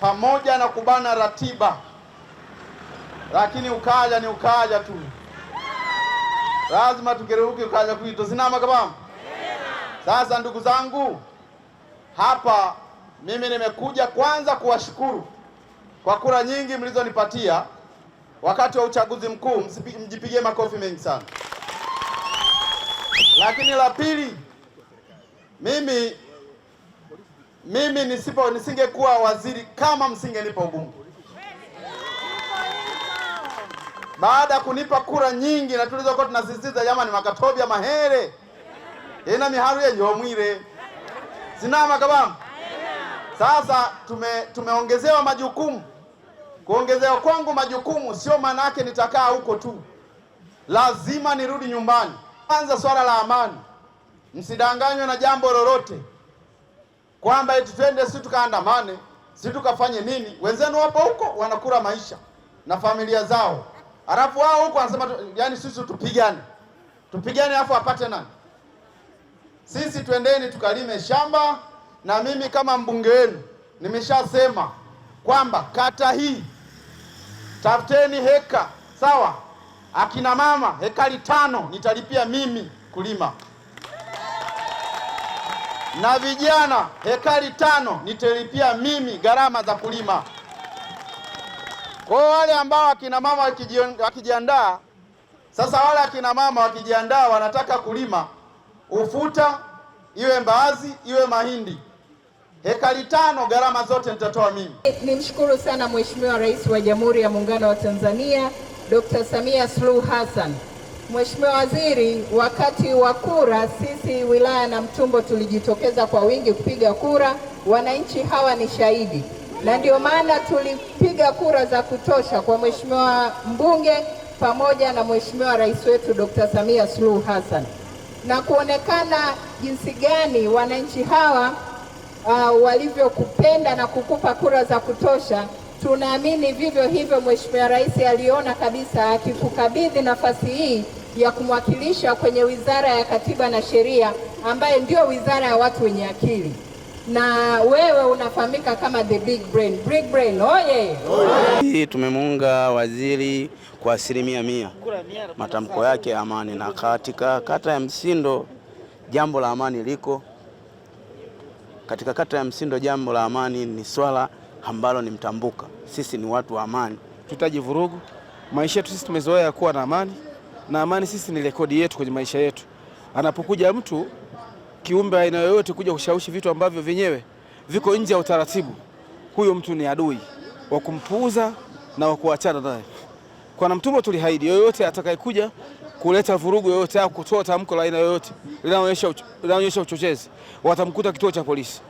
pamoja na kubana ratiba, lakini ukaja ni ukaja tu, lazima tugeruke ukaja kuito sinama kabam. Sasa ndugu zangu, hapa mimi nimekuja kwanza kuwashukuru kwa kura nyingi mlizonipatia wakati wa uchaguzi mkuu, mjipigie makofi mengi sana. Lakini la pili mimi mimi nisipo nisingekuwa waziri kama msingenipa ubunge. Baada ya kunipa kura nyingi na tulizokuwa tunasisitiza, jamani, makatobia mahere ina miharu ya nyomwire sinama kabamu. Sasa tume, tumeongezewa majukumu. Kuongezewa kwangu majukumu sio maana yake nitakaa huko tu, lazima nirudi nyumbani. Kwanza swala la amani, msidanganywe na jambo lolote kwamba eti twende si tukaandamane si tukafanye nini. Wenzenu wapo huko wanakula maisha na familia zao, alafu wao huko wanasema yani sisi tupigane tupigane, alafu apate nani? Sisi twendeni tukalime shamba, na mimi kama mbunge wenu nimeshasema kwamba kata hii tafuteni heka sawa, akina mama hekari tano nitalipia mimi kulima na vijana hekari tano nitalipia mimi gharama za kulima. Kwa wale ambao akina mama wakijiandaa sasa, wale akina mama wakijiandaa wanataka kulima ufuta, iwe mbaazi, iwe mahindi, hekari tano, gharama zote nitatoa mimi. Nimshukuru sana Mheshimiwa Rais wa Jamhuri ya Muungano wa Tanzania Dr. Samia Suluhu Hassan. Mheshimiwa Waziri, wakati wa kura sisi wilaya na Namtumbo tulijitokeza kwa wingi kupiga kura. Wananchi hawa ni shahidi, na ndio maana tulipiga kura za kutosha kwa Mheshimiwa mbunge pamoja na Mheshimiwa Rais wetu Dr. Samia Suluhu Hassan, na kuonekana jinsi gani wananchi hawa uh, walivyokupenda na kukupa kura za kutosha. Tunaamini vivyo hivyo Mheshimiwa Rais aliona kabisa akikukabidhi nafasi hii ya kumwakilisha kwenye Wizara ya Katiba na Sheria ambaye ndio wizara ya watu wenye akili, na wewe unafahamika kama the big brain. Big brain oye! Hii tumemuunga waziri kwa asilimia mia, matamko yake ya amani, na katika kata ya Msindo jambo la amani liko katika kata ya Msindo jambo la amani ni swala ambalo ni mtambuka. Sisi ni watu wa amani, tutaji vurugu maisha yetu sisi tumezoea kuwa na amani na amani sisi ni rekodi yetu kwenye maisha yetu. Anapokuja mtu kiumbe aina yoyote kuja kushawishi vitu ambavyo vyenyewe viko nje ya utaratibu, huyo mtu ni adui wa kumpuuza na wa kuachana naye. Kwa Namtumbo tulihaidi yoyote atakayekuja kuleta vurugu yoyote au kutoa tamko la aina yoyote linaonyesha uchochezi, watamkuta kituo cha polisi.